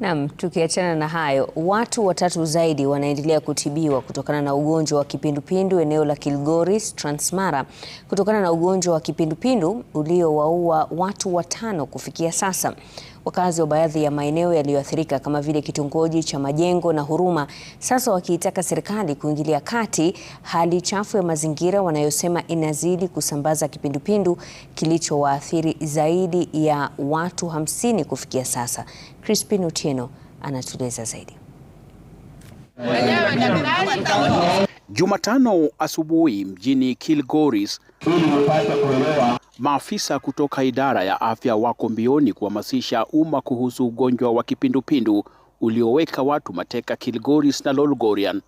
Naam, tukiachana na hayo, watu watatu zaidi wanaendelea kutibiwa kutokana na ugonjwa wa kipindupindu eneo la Kilgoris, Transmara kutokana na ugonjwa wa kipindupindu uliowaua watu watano kufikia sasa. Wakazi wa baadhi ya maeneo yaliyoathirika kama vile kitongoji cha Majengo na Huruma sasa wakiitaka serikali kuingilia kati hali chafu ya mazingira wanayosema inazidi kusambaza kipindupindu kilichowaathiri zaidi ya watu hamsini kufikia sasa. Crispin Otieno anatueleza zaidi. Jumatano asubuhi mjini Kilgoris, maafisa kutoka idara ya afya wako mbioni kuhamasisha umma kuhusu ugonjwa wa kipindupindu ulioweka watu mateka Kilgoris na Lolgorian,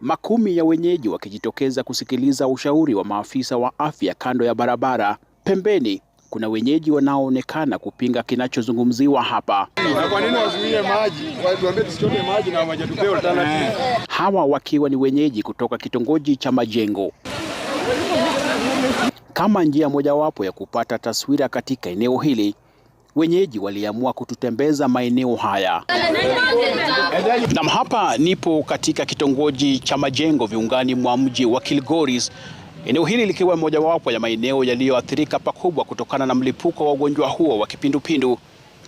makumi ya wenyeji wakijitokeza kusikiliza ushauri wa maafisa wa afya kando ya barabara pembeni kuna wenyeji wanaoonekana kupinga kinachozungumziwa hapa. Kwa nini wazuie maji? tusichote maji na Hawa wakiwa ni wenyeji kutoka kitongoji cha Majengo. Kama njia mojawapo ya kupata taswira katika eneo hili, wenyeji waliamua kututembeza maeneo haya. Nam, hapa nipo katika kitongoji cha Majengo viungani mwa mji wa Kilgoris Eneo hili likiwa mojawapo ya maeneo yaliyoathirika pakubwa kutokana na mlipuko wa ugonjwa huo wa kipindupindu,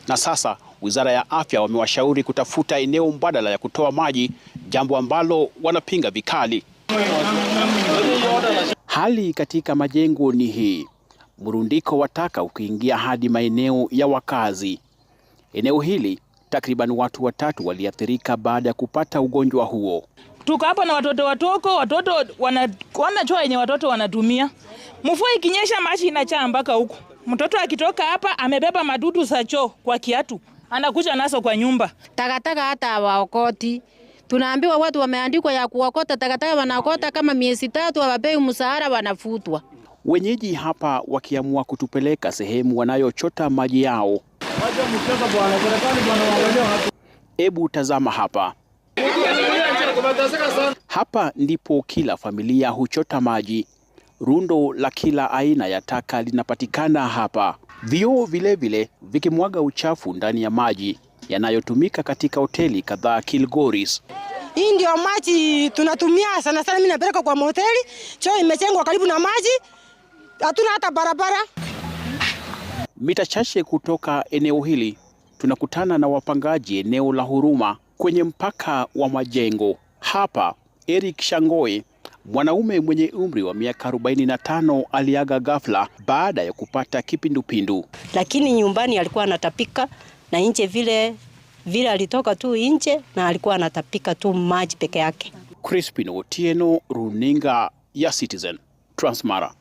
na sasa Wizara ya Afya wamewashauri kutafuta eneo mbadala ya kutoa maji, jambo ambalo wanapinga vikali. Hali katika majengo ni hii, mrundiko wa taka ukiingia hadi maeneo ya wakazi. Eneo hili takriban watu watatu waliathirika baada ya kupata ugonjwa huo tuko hapa na watoto watoko, watoto wana choa yenye watoto wanatumia. Mvua ikinyesha maji inachaa mpaka huku. Mtoto akitoka hapa amebeba madudu za choo kwa kiatu, anakuja nazo kwa nyumba. Takataka hata waokoti Tunaambiwa watu wameandikwa ya kuokota takataka, wanaokota kama miezi tatu, hawapewi msahara, wanafutwa. Wenyeji hapa wakiamua kutupeleka sehemu wanayochota maji yao. Ebu tazama hapa hapa ndipo kila familia huchota maji. Rundo la kila aina ya taka linapatikana hapa, vioo vilevile vikimwaga uchafu ndani ya maji yanayotumika katika hoteli kadhaa Kilgoris. Hii ndio maji tunatumia sana sana, mimi napeleka kwa hoteli, Choo imejengwa karibu na maji, hatuna hata barabara. Mita chache kutoka eneo hili tunakutana na wapangaji eneo la Huruma kwenye mpaka wa majengo. Hapa Eric Shangoi, mwanaume mwenye umri wa miaka 45, aliaga ghafla baada ya kupata kipindupindu, lakini nyumbani alikuwa anatapika na nje vile vile, alitoka tu nje na alikuwa anatapika tu maji peke yake. Crispin Otieno, runinga ya Citizen, Transmara.